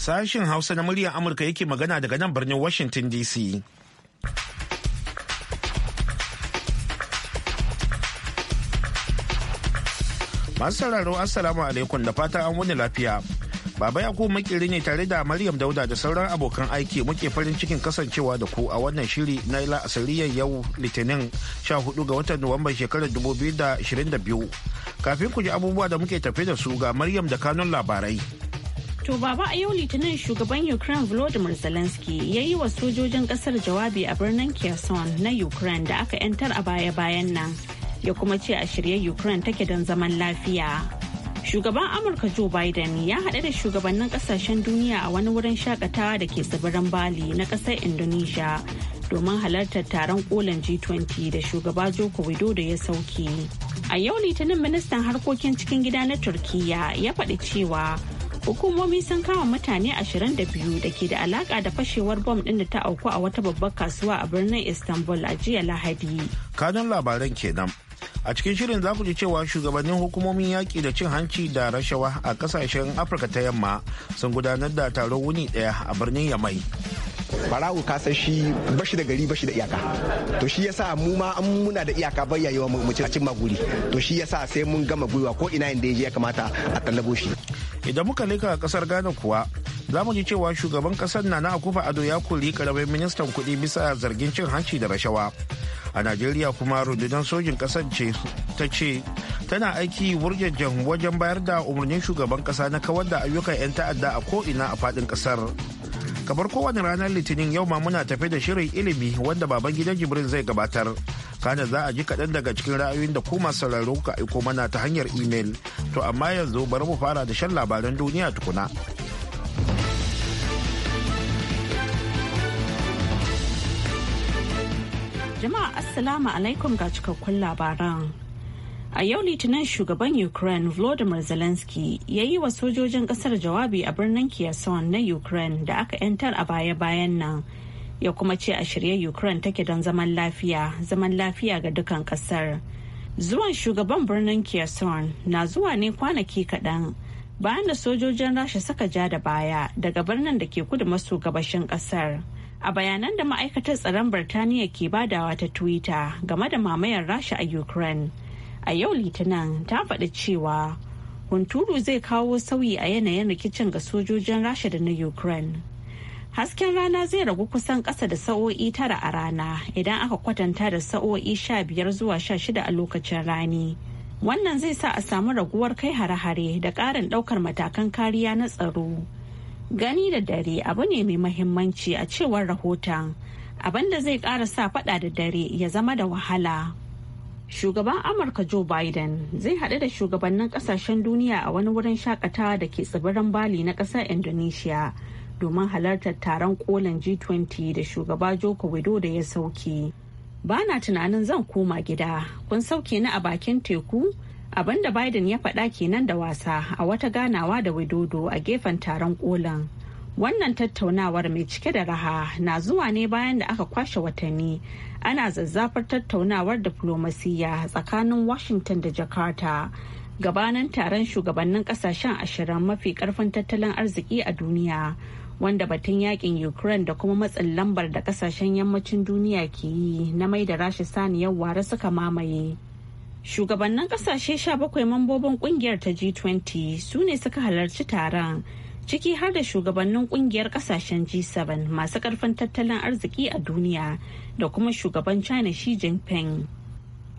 Sashen Hausa na muryar Amurka yake magana daga nan birnin Washington DC. Masu sauraro Assalamu alaikum da fata an wani lafiya. Baba ya Yakubu makiri ne tare da Maryam Dauda da sauran abokan aiki muke farin cikin kasancewa da ku a wannan shiri na ila asiriyar yau Litinin 14 ga watan Nuwamban shekarar 2022. Kafin ku ji abubuwa da muke tafe da su ga Maryam da kanun labarai. To baba a yau Litinin shugaban Ukraine Volodymyr Zelensky ya yi wa sojojin kasar jawabi a birnin Kherson na Ukraine da aka 'yantar a baya-bayan nan. Ya kuma ce a shirye Ukraine take don zaman lafiya. Shugaban Amurka Joe Biden ya haɗu da shugabannin ƙasashen duniya a wani wurin shakatawa da ke tsibirin Bali na ƙasar Indonesia domin halartar taron kolin G20 da shugaba Joko Widodo ya sauke. A yau Litinin ministan harkokin cikin gida na Turkiyya ya faɗi cewa hukumomi sun kama mutane 22 da ke da alaka da fashewar bom ɗin da ta auku a wata babbar kasuwa a birnin istanbul a jiya lahadi kanun labaran kenan a cikin shirin za ku ji cewa shugabannin hukumomin yaƙi da cin hanci da rashawa a ƙasashen afirka ta yamma sun gudanar da taron wuni ɗaya a birnin yamai Barawu ka san shi bashi da gari bashi da iyaka. To shi yasa mu ma an muna da iyaka bayya yawa mu ci cin maguri. To shi yasa sai mun gama gwiwa ko ina inda ya kamata a tallabo shi. Idan muka leka a kasar Ghana kuwa za mu ji cewa shugaban kasar na na akufa ado ya kuri karamin ministan kuɗi bisa zargin cin hanci da rashawa. a najeriya kuma rundunar sojin ƙasar ce ta ce tana aiki wurjanjan wajen bayar da umarnin shugaban kasa na kawar da ayyukan 'yan ta'adda a ko'ina a faɗin kasar kamar kowane ranar litinin yau ma muna tafe da shirin ilimi wanda baban gidan jibrin zai gabatar kana za a ji kaɗan daga cikin ra'ayoyin da kuma sauraro ka aiko mana ta hanyar imel to amma yanzu bari mu fara da shan labaran duniya tukuna. Jama'a Assalamu alaikum ga cikakkun labaran. A yau Litinin shugaban Ukraine Volodymyr Zelensky ya yi wa sojojin kasar jawabi a birnin Kherson na Ukraine da aka 'yantar a baya-bayan nan. Ya kuma ce a shirye Ukraine take don zaman lafiya, zaman lafiya ga dukan kasar. Zuwan shugaban birnin Kherson na zuwa ne kwanaki kaɗan bayan da sojojin Rasha suka ja da baya daga birnin da ke kudu maso gabashin kasar. a bayanan da ma'aikatar tsaron birtaniya ke badawa ta twitter game da mamayar rasha a ukraine a yau litinin ta faɗi cewa hunturu zai kawo sauyi a yanayin rikicin ga sojojin rasha da na ukraine hasken rana zai ragu kusan ƙasa da sa'o'i tara a rana idan aka kwatanta da sa'o'i sha biyar zuwa sha shida a lokacin rani wannan zai sa a samu raguwar kai hare-hare da ƙarin ɗaukar matakan kariya na tsaro Gani da dare abu ne mai mahimmanci a cewar rahoton abinda zai ƙara sa faɗa da dare ya zama da wahala. Shugaban Amurka Joe Biden zai haɗu da shugabannin ƙasashen duniya a wani wurin shakatawa da ke tsibirin Bali na ƙasar Indonesia domin halartar taron kolin G20 da shugaba Joko da ya sauke. Ba na tunanin zan koma gida, kun sauke ni a bakin teku? abin da biden ya faɗa kenan da wasa a wata ganawa da widodo a gefen taron kolin wannan tattaunawar mai cike da raha na zuwa ne bayan da aka kwashe watanni ana zazzafar tattaunawar diflomasiyya tsakanin washington da jakarta gabanin taron shugabannin kasashen ashirin mafi karfin tattalin arziki a duniya wanda batun yakin ukraine da kuma matsin lambar da kasashen yammacin duniya ke yi na mai da rasha saniyar ware suka mamaye Shugabannin kasashe 17 mambobin kungiyar ta G20 su ne suka halarci taron ciki har da shugabannin kungiyar kasashen G7 masu karfin tattalin arziki a duniya da kuma shugaban China Xi Jinping.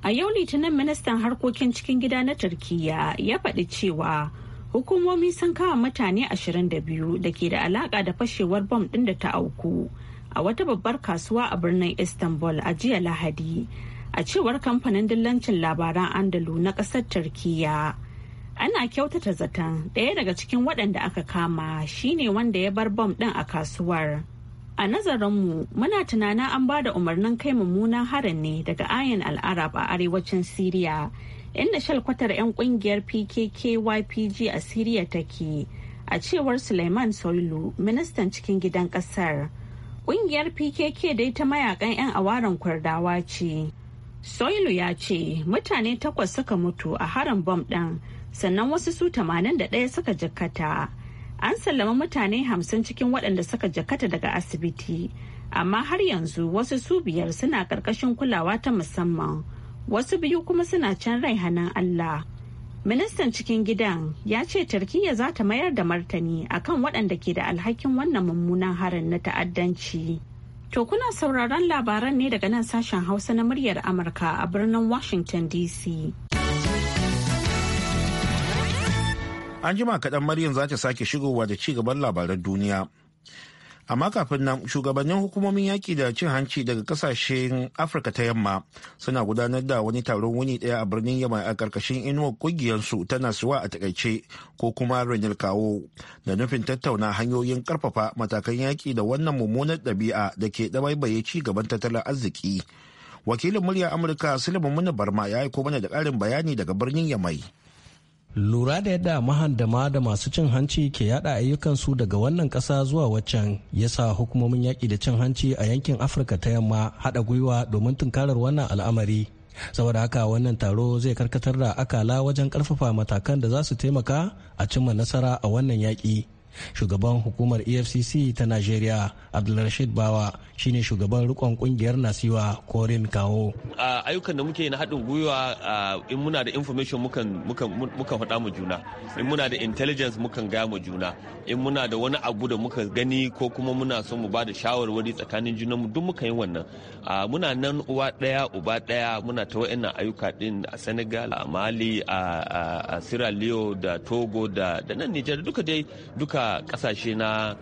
A yau litinin ministan harkokin cikin gida na Turkiyya ya faɗi cewa hukumomi sun kawo mutane 22 da ke da alaƙa da fashewar bom ɗin da ta auku a wata babbar kasuwa a birnin Istanbul a jiya Lahadi. a cewar kamfanin dillancin labaran andalu na ƙasar turkiya ana kyautata zaton ɗaya daga cikin waɗanda aka kama shine wanda ya bar bom ɗin a kasuwar a nazarinmu muna tunanin an ba da umarnin kai mummunan harin ne daga ayan al'arab a arewacin siriya inda shalkwatar 'yan kungiyar pkk ypg a siriya take a cewar suleiman soilu ministan cikin gidan kasar kungiyar pkk dai ta mayakan 'yan awaran kwardawa ce Soilu ya ce mutane takwas suka mutu a harin bom ɗin sannan wasu su ɗaya suka jakata An sallama mutane hamsin cikin waɗanda suka jakata daga asibiti, amma har yanzu wasu su biyar suna ƙarƙashin kulawa ta musamman, wasu biyu kuma suna can rai hannun Allah. Ministan cikin gidan ya ce Turkiyya za ta mayar da martani akan waɗanda ke da alhakin wannan mummunan harin na ta'addanci. To kuna sauraron labaran ne daga nan sashen Hausa na muryar Amurka a birnin Washington DC. An jima kaɗan Maryam za ta sake shigowa da ci gaban labaran duniya. amma kafin nan shugabannin hukumomin yaƙi da cin hanci daga kasashen afirka ta yamma suna gudanar da wani taron wuni ɗaya a birnin yamma a ƙarƙashin inuwar ƙungiyarsu ta nasuwa a takaice ko kuma renal kawo da nufin tattauna hanyoyin ƙarfafa matakan yaƙi da wannan mummunar ɗabi'a da ke ɗabaibaye ci gaban tattalin arziki wakilin murya amurka sulaiman muna barma ya aiko mana da ƙarin bayani daga birnin yamai lura da yadda mahandama da masu cin hanci ke yada ayyukansu daga wannan kasa zuwa waccan ya sa hukumomin yaƙi da cin hanci a yankin afirka ta yamma haɗa gwiwa domin tunkarar wannan al'amari saboda haka wannan taro zai karkatar da akala wajen ƙarfafa matakan da za su taimaka a cimma nasara a wannan yaƙi shugaban hukumar efcc ta najeriya abdulrashid bawa shine shugaban rikon kungiyar nasiwa korin kawo a ayyukan da muke na haɗin gwiwa in muna da information mukan faɗa mu juna in muna da intelligence mukan gaya mu juna in muna da wani abu da muka gani ko kuma muna so mu bada shawarwari tsakanin junan mu duk muka yi wannan muna nan uwa ɗaya uba ɗaya muna ta wa'annan ayyuka din a senegal a mali a sierra leone da togo da nan nijar duka dai duka duka kasashe na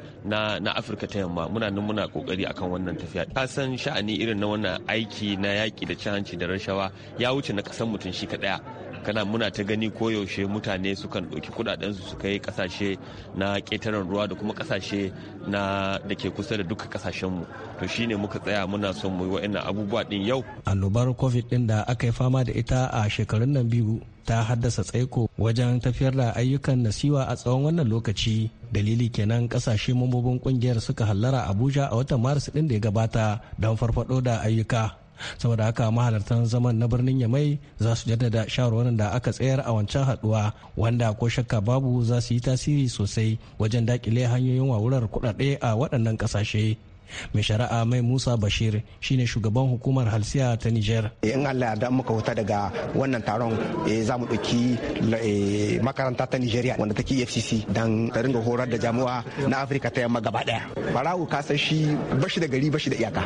na Afirka ta yamma muna nan muna kokari akan wannan tafiya ka san sha'ani irin na wannan aiki na yaki da cin hanci da rashawa ya wuce na kasan mutum shi kaɗaya. kana muna ta gani ko yaushe mutane sukan ɗauki kudaden su kai kasashe na ƙetaren ruwa da kuma kasashe na da ke kusa da duka kasashen mu to shine muka tsaya muna son mu yi wa'annan abubuwa din yau annobar covid din da aka yi fama da ita a shekarun nan biyu ta haddasa tsaiko wajen tafiyar da ayyukan nasiwa a tsawon wannan lokaci dalili kenan kasashe mambobin kungiyar suka hallara abuja a watan maris ɗin da ya gabata don farfado da ayyuka saboda haka mahalartan zaman na birnin yamai za su jaddada shawarwarin da aka tsayar a wancan haduwa wanda ko shakka babu za su yi tasiri sosai wajen dakile hanyoyin wawurar kuɗaɗe a waɗannan ƙasashe mai shari'a mai musa bashir shine shugaban hukumar halsiya ta niger eh, in allah da muka huta daga wannan taron eh, za mu ɗauki eh, makaranta ta nigeria wanda take efcc don ta ringa horar da jami'a na afirka ta yamma gaba daya barawu ka san shi bashi da gari bashi da iyaka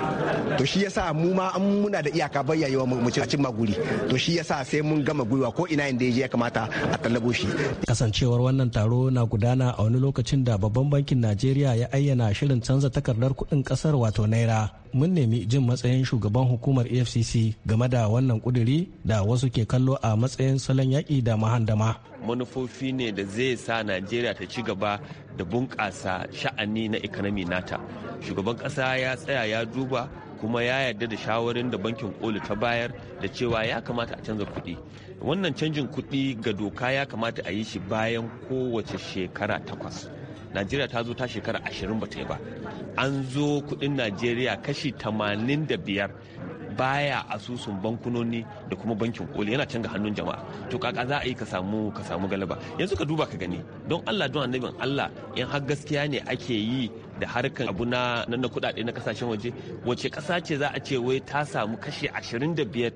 to shi yasa mu ma an muna da iyaka bayya yawa mu ci cin maguri to shi yasa sai mun gama gwiwa ko ina inda ya kamata a tallabo shi kasancewar wannan taro na gudana a wani lokacin da babban bankin najeriya ya ayyana shirin canza takardar kuɗin kasar wato naira mun nemi jin matsayin shugaban hukumar efcc game da wannan kuduri da wasu ke kallo a matsayin salon yaƙi da mahandama manufofi ne da zai sa najeriya ta ci gaba da bunƙasa sha'ani na ikonomi nata shugaban ƙasa ya tsaya ya duba kuma ya yarda da shawarin da bankin koli ta bayar da cewa ya kamata a canza kuɗi wannan canjin kuɗi ga doka ya kamata a yi shi bayan kowace shekara takwas najeriya ta zo ta shekara ashirin ba ta yi ba an zo kudin najeriya kashi tamanin da biyar baya asusun bankunoni da kuma bankin koli yana canza hannun jama'a to kaka za a yi ka samu ka samu galaba yanzu ka duba ka gani don Allah don annabin Allah in har gaskiya ne ake yi da harkan abu na na kudade na kasashen waje wace kasa ce za a ce wai ta samu kashi ashirin da biyar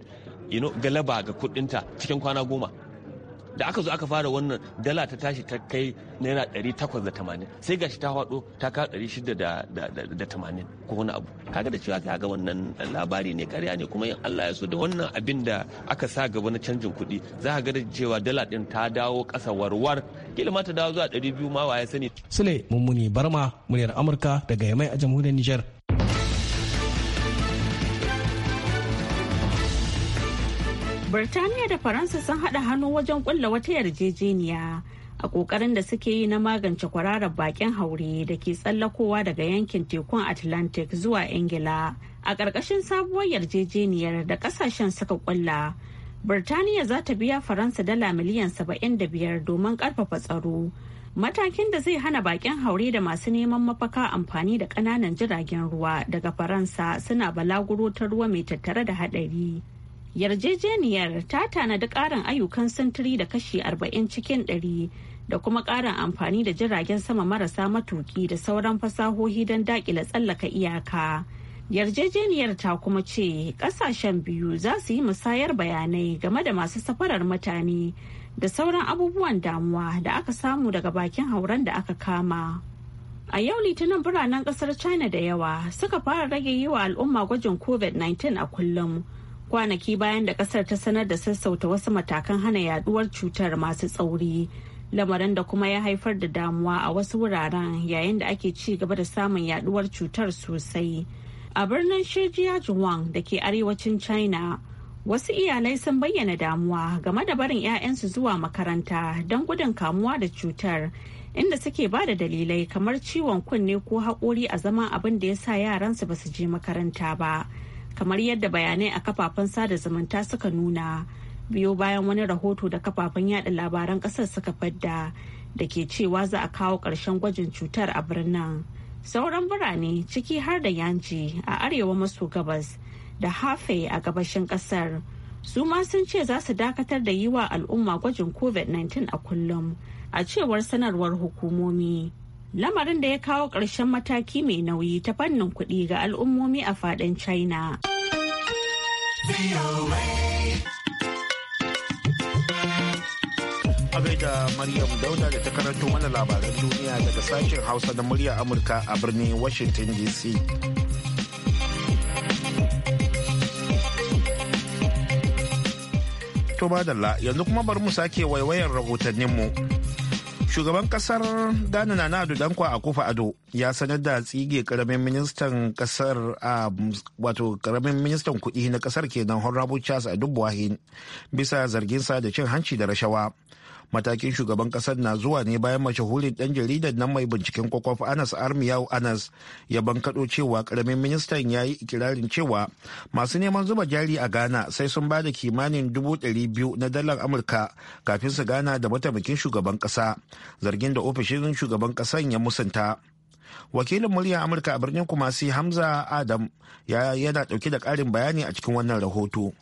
galaba ga kudinta cikin kwana goma da aka zo aka fara wannan dala ta tashi ta kai naira tamanin sai gashi ta hado ta ka 680 ko wani abu kaga da cewa kaga wannan labari ne karya ne kuma in Allah ya so da wannan abin da aka sa gaba na canjin kuɗi za ka ga da cewa dala ɗin ta dawo ƙasa warwar kila ma ta dawo zuwa 200 ma waye sani sule mummuni barma muryar amurka daga yamai a jamhuriyar nijar. Birtaniya da Faransa sun haɗa hannu wajen ƙulla wata yarjejeniya a ƙoƙarin da suke yi na magance kwararar bakin haure da ke tsallakowa daga yankin tekun Atlantic zuwa Ingila. A ƙarƙashin sabuwar yarjejeniyar da ƙasashen suka ƙulla, Birtaniya za ta biya Faransa dala miliyan 75 domin ƙarfafa tsaro. Matakin da zai hana bakin haure da masu neman mafaka amfani da ƙananan jiragen ruwa daga Faransa suna balaguro ta ruwa mai tattare da haɗari. yarjejeniyar ta tanadi ƙarin ayyukan sintiri da kashi 40 cikin 100 da kuma ƙarin amfani da jiragen sama marasa matuki da sauran fasahohi don daƙile tsallaka iyaka yarjejeniyar ta kuma ce ƙasashen biyu za su yi musayar bayanai game da masu safarar mutane da sauran abubuwan damuwa da aka samu daga bakin hauren da aka kama A yau litinin biranen kasar China da yawa suka fara rage yi wa al'umma gwajin COVID-19 a kullum kwanaki bayan da kasar ta sanar da sassauta wasu matakan hana yaduwar cutar masu tsauri lamarin da kuma ya haifar da damuwa a wasu wuraren yayin da ake ci gaba da samun yaduwar cutar sosai a birnin shirjiya juwang da ke arewacin china wasu iyalai sun bayyana damuwa game da barin 'ya'yansu zuwa makaranta don gudun kamuwa da cutar inda suke ba da dalilai kamar ciwon kunne ko haƙori a zaman abin da ya sa yaransu ba su je makaranta ba kamar yadda bayanai a kafafen sada zumunta suka nuna biyo bayan wani rahoto da kafafen yada labaran kasar suka fadda da ke cewa za a kawo ƙarshen gwajin cutar a birnin sauran birane ciki har da yanji a arewa maso gabas da hafe a gabashin kasar su ma sun ce za su dakatar da yi wa al'umma gwajin covid-19 a kullum a cewar sanarwar hukumomi lamarin da ya kawo ƙarshen mataki mai nauyi ta fannin kuɗi ga al'ummomi a faɗin china da Maryam Dauda da ta karanto mana labaran duniya daga sashen Hausa da murya Amurka a birnin Washington DC. To yanzu kuma bari mu sake waiwayar rahotanninmu. mu. shugaban kasar ghana nana ado dankwa a kofa ado ya sanar da tsige karamin ministan kasar a wato karamin ministan kudi na kasar kenan honorable charles adubuahin bisa zarginsa da cin hanci da rashawa matakin shugaban kasar na zuwa ne bayan mashahurin dan jaridar nan mai binciken kwakwaf anas armiyau anas ya bankaɗo cewa karamin ministan ya yi ikirarin cewa masu neman zuba jari a ghana sai sun ba da kimanin dubu ɗari biyu na dalar amurka kafin su gana da mataimakin shugaban ƙasa zargin da ofishin shugaban ƙasan ya musanta wakilin muryar amurka a birnin kumasi hamza adam yana ɗauke da ƙarin bayani a cikin wannan rahoto.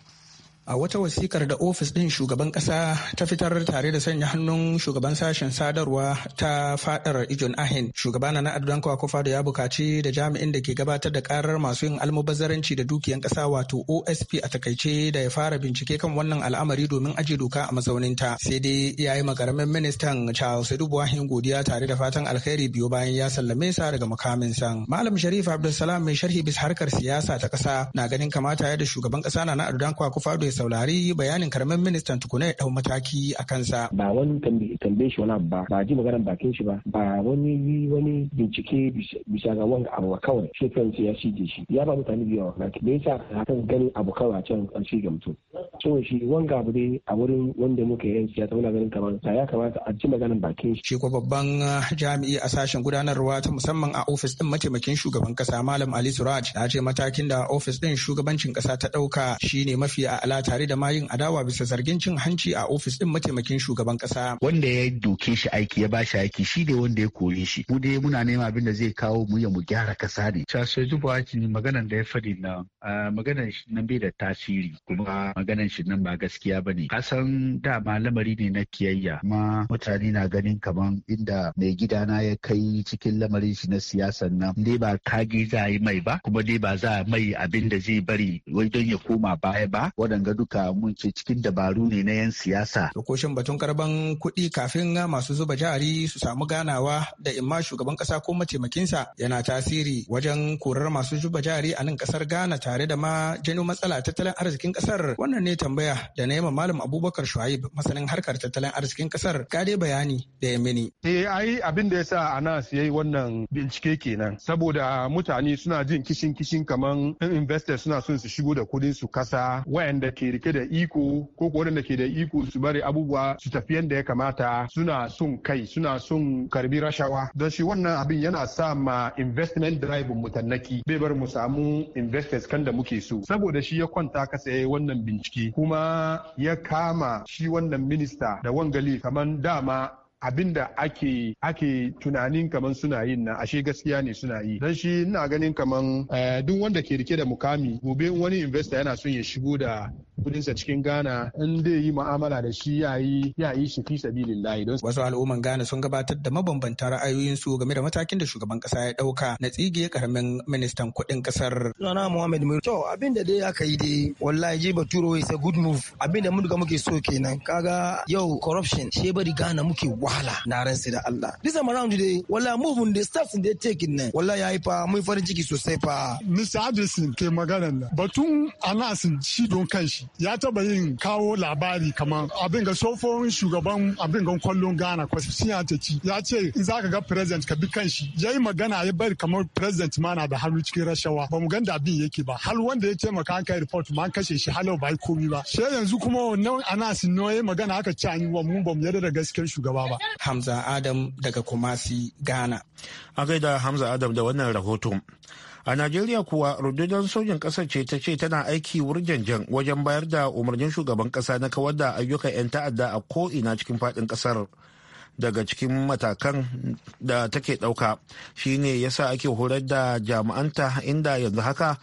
a wata wasikar da ofis ɗin shugaban ƙasa ta fitar tare da sanya hannun shugaban sashen sadarwa ta fadar ijon ahin shugaba na adudan kwakwafa da ya bukaci da jami'in da ke gabatar da karar masu yin almubazzaranci da dukiyan ƙasa wato osp a takaice da ya fara bincike kan wannan al'amari domin aje doka a ta, sai dai ya yi makaramin ministan charles dubuwahin godiya tare da fatan alkhairi biyu bayan ya sallame sa daga mukamin san malam sharif abdulsalam mai sharhi bis harkar siyasa ta ƙasa na ganin kamata ya da shugaban ƙasa na adudan kwakwafa saurari bayanin karamin ministan tukuna ya dau mataki a kansa. Ba wani tambaye shi wani ba, ba ji maganar bakin shi ba, ba wani wani bincike bisa ga wani abu kawai shi kansa ya shige shi. Ya ba mutane biyu wa me yasa hakan gani abu kawai can an shige mutum. So shi wanga abu dai a wurin wanda muka yi siyasa muna ganin kamar ta ya kamata a ji maganar bakin shi. Shi ko babban ah, jami'i a sashen gudanarwa ta musamman a ofis din mataimakin shugaban kasa Malam Ali Suraj ya ce matakin da ofis din shugabancin kasa ta dauka shine mafi a tare da mayin adawa bisa zargin cin hanci a ofis din mataimakin shugaban kasa. Wanda ya doke shi aiki ya bashi aiki shi ne wanda ya kore shi. Mu dai muna neman abin da zai kawo mu ya mu gyara kasa ne. Sasai zuba ne maganan da ya faɗi na maganan shi nan bai da tasiri kuma maganan shi nan ba gaskiya ba ne. Kasan dama lamari ne na kiyayya ma mutane na ganin kaman inda mai gidana ya kai cikin lamarin shi na siyasan nan dai ba kage za a yi mai ba kuma dai ba za a mai abin da zai bari wai don ya koma baya ba waɗanga duka mun ce cikin dabaru ne na 'yan siyasa. Lokacin batun karban kuɗi kafin masu zuba jari su samu ganawa da imma shugaban ƙasa ko mataimakinsa yana tasiri wajen korar masu zuba jari a nan kasar Ghana tare da ma janyo matsala tattalin arzikin ƙasar. Wannan ne tambaya da na ma Malam Abubakar Shuaib masanin harkar tattalin arzikin kasar, ka dai bayani da ya mini. Eh ai abin da ya sa Anas ya yi wannan bincike kenan saboda mutane suna jin kishin kishin kaman investors suna son su shigo da kuɗin su kasa wayanda ke ke rike da iko ko kuwa waɗanda ke da iko su bari abubuwa su tafi yadda ya kamata suna sun kai suna son karbi rashawa don shi wannan abin yana sa ma investment drive mu bai bar mu samu investors kan da muke so saboda shi ya kwanta ka yayi wannan bincike kuma ya kama shi wannan minista da wangali kamar dama abin da ake ake tunanin kaman suna yin na ashe gaskiya ne suna yi dan shi ina ganin kamar eh, duk wanda ke rike da mukami gobe wani investor yana son ya shigo da kudinsa cikin Ghana in zai yi ma'amala da shi ya yi ya yi shi fi don wasu al'umman Ghana sun gabatar da ra'ayoyin su game da matakin da shugaban kasa ya dauka na tsige karamin ministan kuɗin kasar sunana Muhammad mir to abin da dai aka yi dai wallahi je Baturo is a good move abin da mun ga muke so kenan kaga yau corruption shebari Ghana muke wa wahala na ran sai da Allah this time around dai wala movement the steps ya take wala yayi fa mun farin ciki sosai fa Mr. Addison ke magana nan batun Anas shi don kanshi ya taba yin kawo labari kaman abin ga sofon shugaban abin ga kwallon Ghana ya ta ci ya ce in ka ga president ka bi kanshi yayi magana ya bari kamar president ma na da hannu cikin rashawa ba mu ganda abin yake ba har wanda ya maka an kai report ma an kashe shi halau ba yi komi ba sai yanzu kuma wannan Anas noye magana aka ci an yi wa mu ba mu yarda da gaskiyar shugaba ba Hamza Adam daga Kumasi, Ghana. A gaida Hamza Adam da wannan rahoto. A Najeriya kuwa rundunar sojin ƙasar ce ta ce tana aiki wurjanjan wajen bayar da umarnin shugaban ƙasa na kawar da ayyukan 'yan ta'adda a ko'ina cikin faɗin ƙasar. daga cikin matakan da take ɗauka shine yasa ake horar da jami'anta inda yanzu haka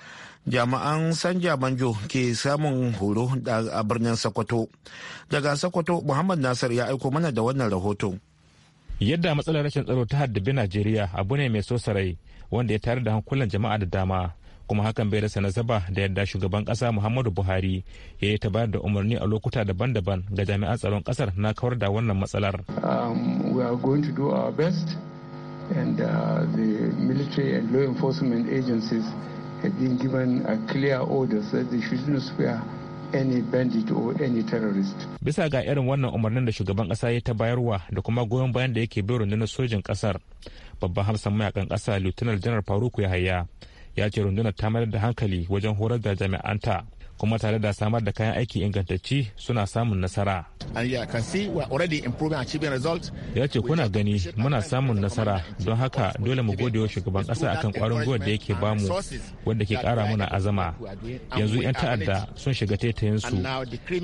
jami'an sanja banjo ke samun horo a birnin sokoto daga sokoto muhammad nasir ya aiko mana da wannan rahoto yadda matsalar rashin tsaro ta haddabi najeriya abu ne mai so wanda ya tare da hankulan jama'a da dama kuma hakan bai rasa nasaba da yadda shugaban kasa muhammadu buhari ya yi ta bayar da umarni a lokuta daban-daban ga jami'an tsaron kasar na kawar da wannan matsalar um, best and uh, the military and law enforcement agencies had been given a clear order that they should not spare any bandit or any terrorist. Bisa ga irin wannan umarnin da shugaban kasa ya ta bayarwa da kuma goyon bayan da yake bai rundunar sojin kasar. Babban hamsan mayakan kasa Lieutenant General Faruku Yahaya ya ce rundunar ta mayar da hankali wajen horar da jami'anta kuma tare da samar da kayan aiki ingantacci suna samun nasara. Ya ce kuna gani muna samun nasara don haka dole mu gode wa shugaban ƙasa akan kwarin gwiwar da yake bamu wanda ke ƙara muna azama. Yanzu 'yan ta'adda sun shiga taitayensu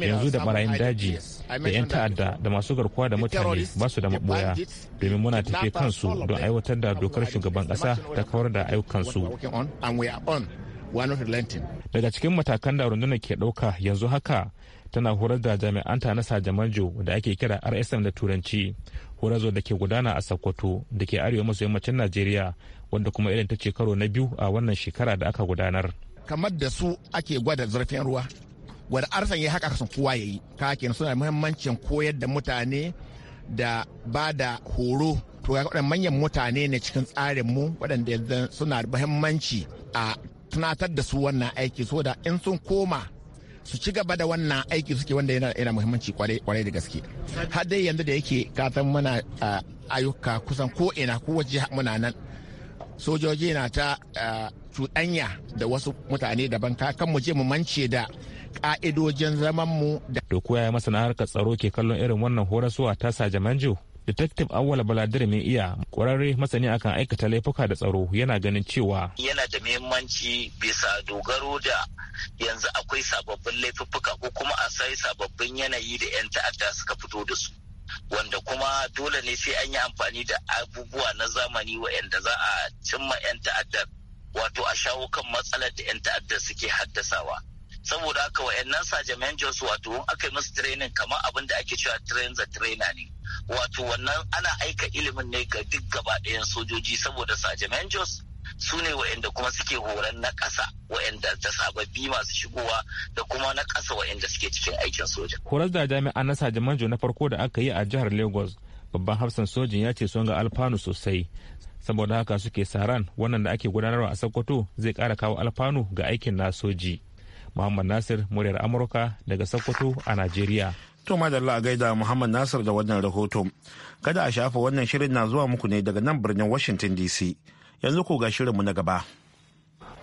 yanzu da barayin daji da 'yan ta'adda da masu garkuwa da mutane ba su da maboya domin muna tafe kansu don aiwatar da dokar shugaban ƙasa ta kawar da ayyukansu. wani Daga cikin matakan da rundunar ke ɗauka yanzu haka tana horar da jami'an ta na Sajamanjo da ake kira RSM da Turanci, horazo da ke gudana a Sokoto da ke arewa maso yammacin Najeriya wanda kuma irin ta ce karo na biyu a wannan shekara da aka gudanar. Kamar da su ake gwada zurfin ruwa, gwada arsan ya haka sun kowa ya yi, kakin suna muhimmancin koyar da mutane da ba da horo to ga manyan mutane ne cikin tsarinmu waɗanda suna da muhimmanci a tunatar da su wannan aiki so da in sun koma su ci gaba da wannan aiki suke wanda yana da muhimmanci kwarai da gaske har dai yanzu da yake kasan muna ah, ayyuka kusan ko ina ko waje muna nan sojoji na ta ah, cuɗanya da wasu mutane daban kakan mu je mu mance da ka'idojin zaman mu da koya masana harkar tsaro ke kallon irin wannan horaswa ta sajamanjo detective awala baladir mai iya kwararre masani akan aikata laifuka da tsaro yana ganin cewa yana da muhimmanci bisa dogaro da yanzu akwai sababbin laifuffuka ko kuma a sai sababbin yanayi da 'yan ta'adda suka fito da su wanda kuma dole ne sai an yi amfani da abubuwa na zamani waɗanda za a cimma 'yan ta'addar wato a shawo kan matsalar da 'yan ta'adda suke haddasawa saboda haka sa jami'an jos wato aka yi musu training kamar abin da ake cewa train the trainer ne wato wannan ana aika ilimin ne ga duk gaba ɗayan sojoji saboda sajamen jos su ne wa'anda kuma suke horon na ƙasa wa'anda da sababbi masu shigowa da kuma na ƙasa wa'anda suke cikin aikin soja. Horar da jami'an na sajimanjo na farko da aka yi a jihar Lagos babban hafsan sojin ya ce sun ga alfanu sosai saboda haka suke saran wannan da ake gudanarwa a Sokoto zai kara kawo alfanu ga aikin na soji. Muhammad Nasir muryar Amurka daga Sokoto a Najeriya. To madalla a gaida Muhammad Nasir da wannan rahoton. Kada a shafa wannan shirin na zuwa muku ne daga nan birnin Washington DC. Yanzu ko ga shirinmu na gaba.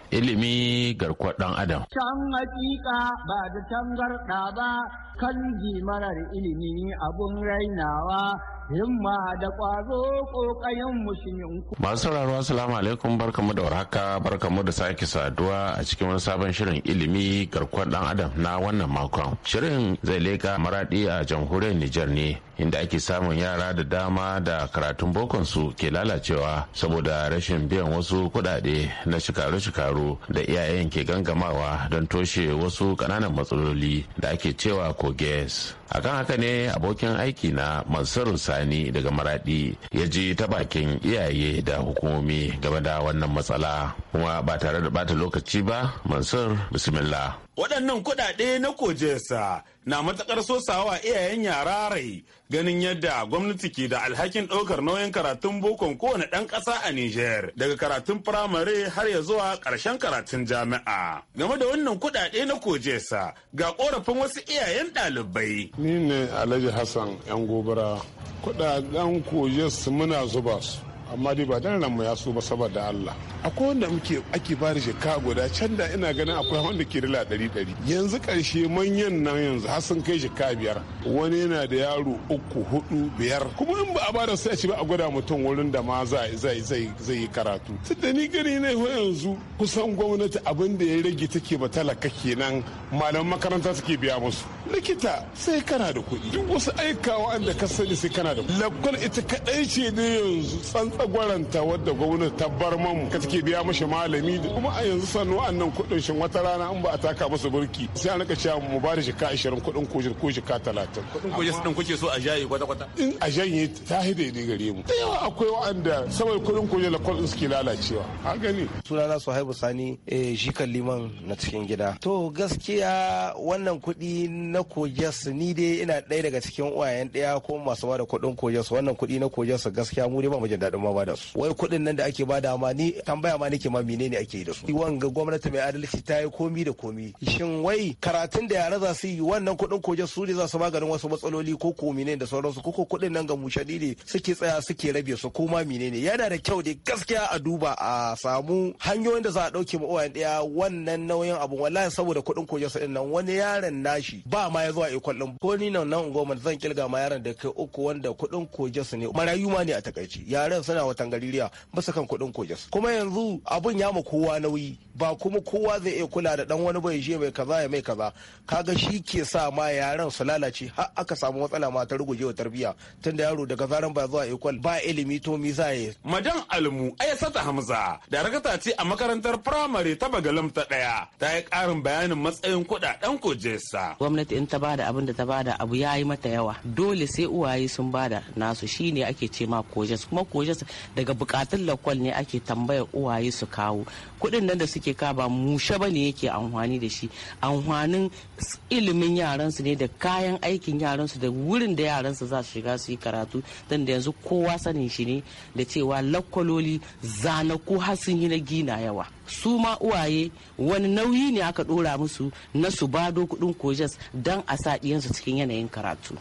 Ilimi garkuwar ɗan Adam. Can hakika ba da tangarɗa ba kanji marar ilimi abun rainawa himma da ƙwazo ƙoƙayen musulminku. Masu sauraro assalamu alaikum barkamu da warhaka barkamu da sake saduwa a cikin wani sabon shirin ilimi garkuwar ɗan adam na wannan makon. Shirin zai leka maraɗi a jamhuriyar Nijar ne inda ake samun yara da dama da karatun bokon su ke lalacewa saboda rashin biyan wasu kuɗaɗe na shikaru-shikaru da iyayen ke gangamawa don toshe wasu kananan matsaloli da ake cewa Guess. gas akan haka ne abokin aiki na mansur sani daga maradi ya ji ta bakin iyaye da hukumomi game da wannan matsala kuma ba tare da bata lokaci ba mansur bismillah waɗannan kuɗaɗe na kojesa na matakar sosawa iyayen yara rai ganin yadda gwamnati ke da alhakin ɗaukar nauyin karatun bokon kowane ɗan ƙasa a Nijar daga karatun firamare har ya zuwa ƙarshen karatun jami'a. Game da wannan kuɗaɗe na kojesa ga ƙorafin wasu iyayen ɗalibai ni ne alhaji hassan yan gobara kudaden kojes muna zuba su amma dai ba dan mu ya so ba saboda Allah akwai wanda muke ake ba da guda can da ina ganin akwai wanda ke dala ɗari ɗari yanzu ƙarshe manyan nan yanzu har sun kai jaka biyar wani yana da yaro uku hudu biyar kuma in ba a bada da sai a ci ba a gwada mutum wurin da ma za zai zai yi karatu tunda ni gani ne ho yanzu kusan gwamnati abin da ya rage take ba talaka kenan malaman makaranta suke biya musu likita sai kana da kuɗi duk wasu aikawa da ka sani sai kana da kuɗi lakwal ita kaɗai ce ne yanzu tsagwaranta wadda gwamnati ta bar mamu ka take biya mashi malami kuma a yanzu sannu wa'annan kudin shin wata rana an ba a taka masa burki sai an rika cewa mu ba da shika ashirin kudin kojir ko shika talatin. kuɗin su ɗin kuke so a jaye kwata-kwata. in a janye ta haɗe ne gare mu da yawa akwai wa'anda saboda kudin kojir da kuɗin suke lalacewa a gani. sunana suhaibu sani eh, jikan liman na cikin gida. to gaskiya wannan kuɗi na kojas ni dai ina ɗaya daga cikin uwayen ɗaya ko masu ba da kudin kojas wannan kuɗi na kojas gaskiya mu dai ba mu jin daɗin ma ba da su wai kuɗin nan da ake ba da ma ni tambaya ma nake ma menene ake yi da su wanga gwamnati mai adalci ta yi komi da komi shin wai karatun da yara za su yi wannan kuɗin koje su ne za su maganin wasu matsaloli ko ko menene da sauransu ko ko kuɗin nan ga mushadi ne suke tsaya suke rabe su ko ma menene yana da kyau dai gaskiya a duba a samu hanyoyin da za a ɗauke ma uwan ɗaya wannan nauyin abu wallahi saboda kuɗin koje su nan wani yaron nashi ba ma ya zuwa ikon ɗin ko ni nan nan zan kilga ma yaron da kai uku wanda kudin koje su ne marayu ma ne a takaici yaran suna watan galiriya kan kuɗin kojas kuma yanzu abun ya ma kowa nauyi ba kuma kowa zai iya kula da dan wani bai je mai kaza ya mai kaza kaga shi ke sa ma yaran su lalace har aka samu matsala ma ta rugujewa tarbiyya tunda yaro daga zaran ba zuwa ekwal ba ilimi to mi za madan almu sata hamza da rakata ce a makarantar firamare ta bagalam ta daya ta yi karin bayanin matsayin kuɗaɗen kojesa gwamnati in ta bada abin da ta bada abu yayi mata yawa dole sai uwaye sun bada nasu shine ake ce ma kojes kuma kojes daga bukatun lakwal ne ake tambayar uwaye su kawo kuɗin nan da suke ka ba mushe ba ne yake amfani da shi amfanin ilimin yaran su ne da kayan aikin yaran su da wurin da yaran su za su shiga su yi karatu dan da yanzu kowa sanin shi ne da cewa lakwaloli zanaku har sun yi na gina yawa su ma uwaye wani nauyi ne aka ɗora musu na su bado kuɗin kojas dan a sa ɗiyansu cikin yanayin karatu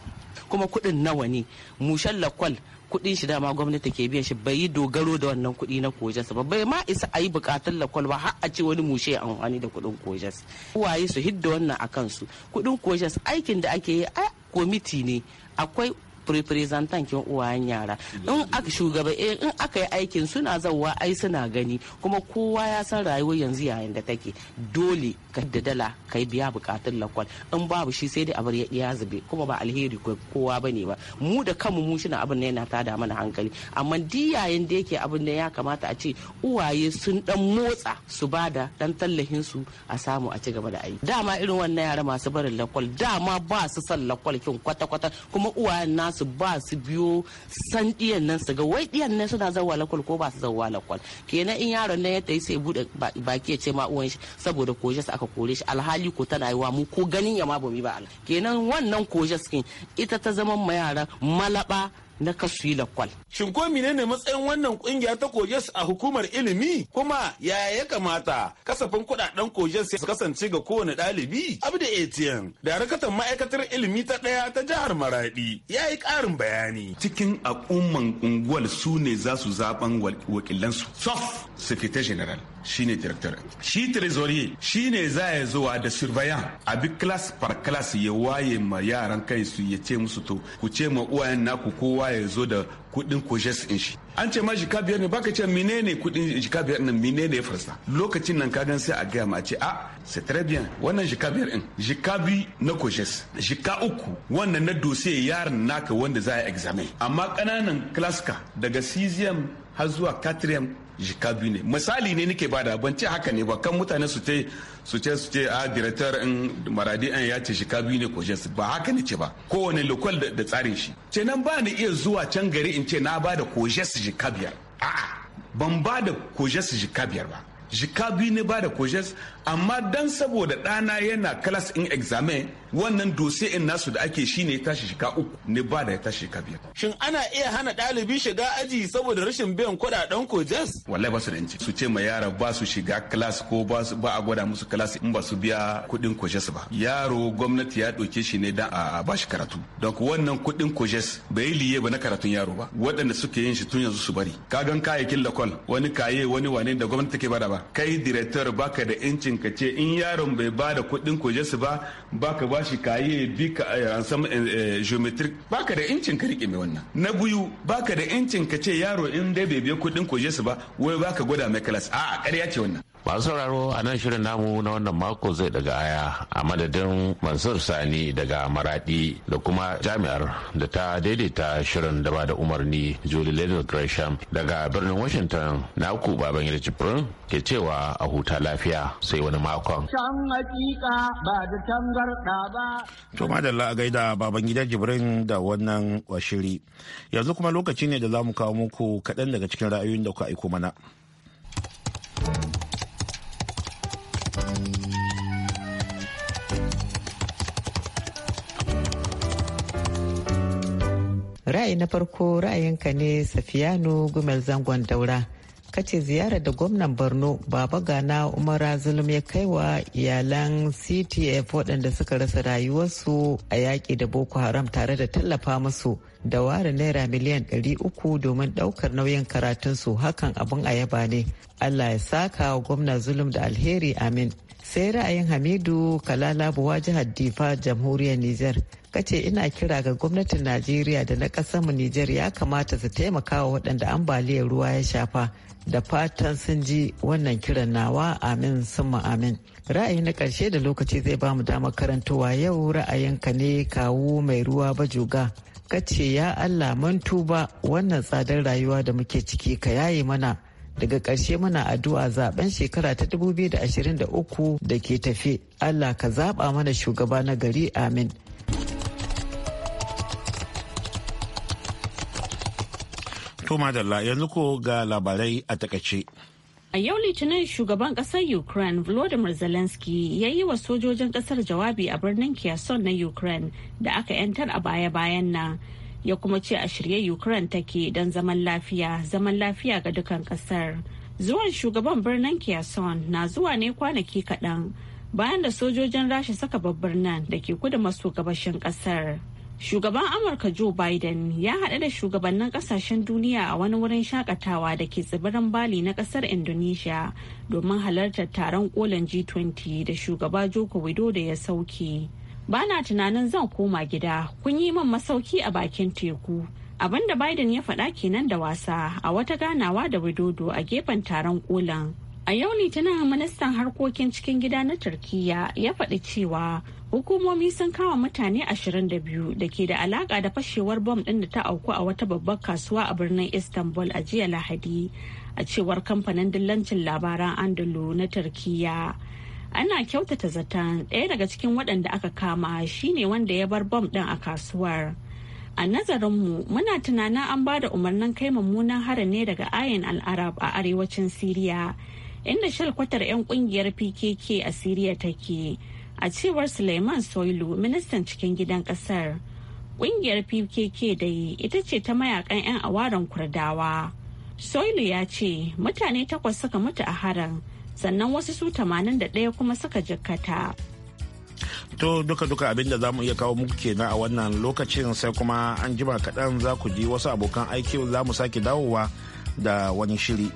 kuma kuɗin nawa ne mushen lakwal kuɗin shi dama gwamnati ke biyan shi bai yi dogaro da wannan kuɗi na kojas ba bai ma isa a yi bukatun lakwal ba har a ce wani mushe amfani da kuɗin kojas waye su hidda wannan a kansu kuɗin kojas aikin da ake yi a komiti ne akwai representantin uwayen yara in aka shugaba eh, in aka yi aikin suna zauwa ai suna gani kuma kowa ya san rayuwar yanzu yayin da take dole ka da dala ka biya bukatun lakwal in babu shi sai dai abar ya zube kuma ba alheri kowa bane ba mu da kanmu mu shi na abin yana tada mana hankali amma diyayen da yake abin da ya kamata a ce uwaye sun dan motsa su bada dan tallahin su a samu a ci gaba da aiki dama irin wannan yara masu barin lakwal dama ba su san lakwal kin kwata-kwata kuma uwayen nasu su ba su biyo san diyan nan su ga wai diyan nan suna zawa lakwal ko ba su zawa lakwal kenan in yaron nan ya tayi sai bude baki ya ce ma uwan shi saboda su aka kore shi alhali ko tana yiwa mu ko ganin ya ma ba mu ba kenan wannan koje skin ita ta zama ma yara malaba na kasu yi lakwal. Shin ko menene matsayin wannan kungiya ta kojes a hukumar ilimi kuma yaya ya kamata kasafin kudaden kojes su kasance ga kowane ɗalibi? Abda ATM, darakatan ma'aikatar ilimi ta ɗaya ta jihar Maradi ya yi ƙarin bayani. Cikin al'umman unguwar su ne za su zaɓen wakilansu. Sof, Sufita General. shine director shi trezorier shine za ya zuwa da surveyan a bi class par class ya waye ma yaran kai su ya ce musu to ku ce ma uwayen naku kowa ya zo da kudin kojes in shi an ce ma jika biyar ne baka ce menene kudin jika biyar nan menene ya farsa lokacin nan kagan sai a gaya ma a ce a ah, c'est très bien wannan jika biyar din jika bi na kojes jika uku wannan na dosiye yaran naka wanda za ya examen amma kananan class ka daga cesium har zuwa katriyam jikabi ne misali ne nake bada ban ce haka ne ba kan mutane su ce su ce su ce a ah, diretar in maradi an ya ce shikabi ne ko ba haka ne ce ba kowane lokal da tsarin shi ce nan ba ni iya zuwa can gari in ce na bada koje su a'a ban bada da su shikabiyar ba jikabi ne ba da kojes amma dan saboda dana yana class in examen wannan dose in nasu da ake shi ne tashi shika uku ne ba da ya tashi shika biyar. Shin ana iya hana ɗalibi shiga aji saboda rashin biyan kuɗaɗen kojes? Wallahi ba su da inci. Su ce ma yara ba su shiga class ko ba ba a gwada musu class in ba su biya kuɗin kojes ba. Yaro gwamnati ya ɗauke shi ne dan a ba shi karatu. Don wannan kuɗin kojes bai liye ba na karatun yaro ba. Waɗanda suke yin shi tun yanzu su bari. Ka gan kayayyakin lakol wani kaye wani wane da gwamnati take bada ba ba kai director baka da incin ka ce in yaron bai ba da kuɗin su ba baka ba shi kaye bi ka eh, ansam eh, eh, geometric baka da incin ka rike mai wannan na biyu baka da incin ka ce yaro in dai bai biya kuɗin kojesu ba wai baka gwada mai class a'a ƙarya ce wannan masu sauraro a nan shirin namu na wannan mako zai daga aya a madadin mansur sani daga maradi da kuma jami'ar da ta daidaita shirin da ba da umarni julie leonard gresham daga birnin washington na ku baban yadda jibrin ke cewa a huta lafiya sai wani makon to madalla a gaida baban gida jibrin da wannan washiri yanzu kuma lokaci ne da za mu kawo muku kaɗan daga cikin ra'ayoyin da kuka aiko mana ra'ayi na farko ra'ayinka ne safiyanu gumel zangon daura kace ziyarar da gwamnan borno baba gana umara zulum ya kai wa iyalan ctf waɗanda suka rasa rayuwarsu a yaƙi da boko haram tare da tallafa musu da ware naira miliyan 300 domin ɗaukar nauyin karatunsu hakan abin a yaba ne allah ya saka wa gwamna zulum da alheri amin sai ra'ayin hamidu kalala buwa jihar difa jamhuriyar niger ka ce ina kira ga gwamnatin najeriya da na mu nijar ya kamata su taimaka wa waɗanda ambaliyar ruwa ya shafa da fatan sun ji wannan kiran nawa amin summa amin ra'ayi na karshe da lokaci zai ba mu damar karantowa yau ra'ayinka ne kawo mai ruwa bajuga ka ce ya allah man tuba wannan tsadar rayuwa da muke ciki ka yaye mana daga ƙarshe muna addu'a zaben shekara ta 2023 da ke tafe allah ka zaɓa mana shugaba na gari amin To madalla yanzu ko ga labarai a takaice. A yau Litinin shugaban kasar Ukraine Volodymyr Zelensky ya yi wa sojojin kasar jawabi a birnin Kherson na Ukraine da aka 'yantar a baya-bayan nan. Ya kuma ce a shirye Ukraine take don zaman lafiya, zaman lafiya ga dukan kasar. Zuwan shugaban birnin Kherson na zuwa ne kwanaki kaɗan bayan da sojojin rasha saka babbar nan da ke kudu maso gabashin kasar. Shugaban Amurka Joe Biden ya haɗu da shugabannin ƙasashen duniya a wani wurin shakatawa da ke tsibirin Bali na ƙasar Indonesia domin halartar taron kolin G20 da shugaba Joko Widodo ya sauke. Bana tunanin zan koma gida, kun yi min masauki a bakin teku. abinda Biden ya faɗa kenan da wasa a wata ganawa da Widodo a gefen taron kolin. A yau Litinin ministan harkokin cikin gida na Turkiyya ya faɗi cewa hukumomi sun kama mutane 22 da ke da alaka da fashewar bom ɗin da ta auku a wata babbar kasuwa a birnin Istanbul a jiya Lahadi a cewar kamfanin dillancin labaran Andalu na Turkiyya. Ana kyautata zaton ɗaya daga cikin waɗanda aka kama shine wanda ya bar bom ɗin a kasuwar. a nazarinmu muna tunanin an ba da umarnin kai mummunan harin ne daga ayin al'arab a arewacin siriya inda kwatar 'yan kungiyar pkk a siriya take a cewar suleiman soilu ministan cikin gidan kasar kungiyar pkk dai ita ce ta mayakan 'yan awaren kurdawa soilu ya ce mutane takwas suka mutu a haran sannan wasu su tamanin da 81 kuma suka jikkata to duka-duka abinda za mu iya kawo muku kenan a wannan lokacin sai kuma an jima kaɗan za ku ji wasu abokan aiki za mu sake dawowa da wani shiri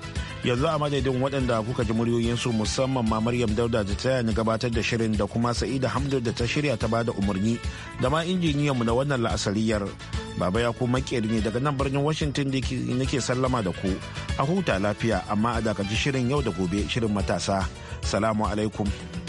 yanzu a madadin waɗanda kuka ji muryoyinsu musamman ma maryam dauda da ta ni gabatar da shirin da kuma sa'ida hamdu da ta shirya ta bada umarni da ma injiniyanmu na wannan la'asariyar baba ya kuma keri ne daga nan birnin washington da nake sallama da ku a huta lafiya amma a dakaci shirin yau da gobe shirin matasa salamu alaikum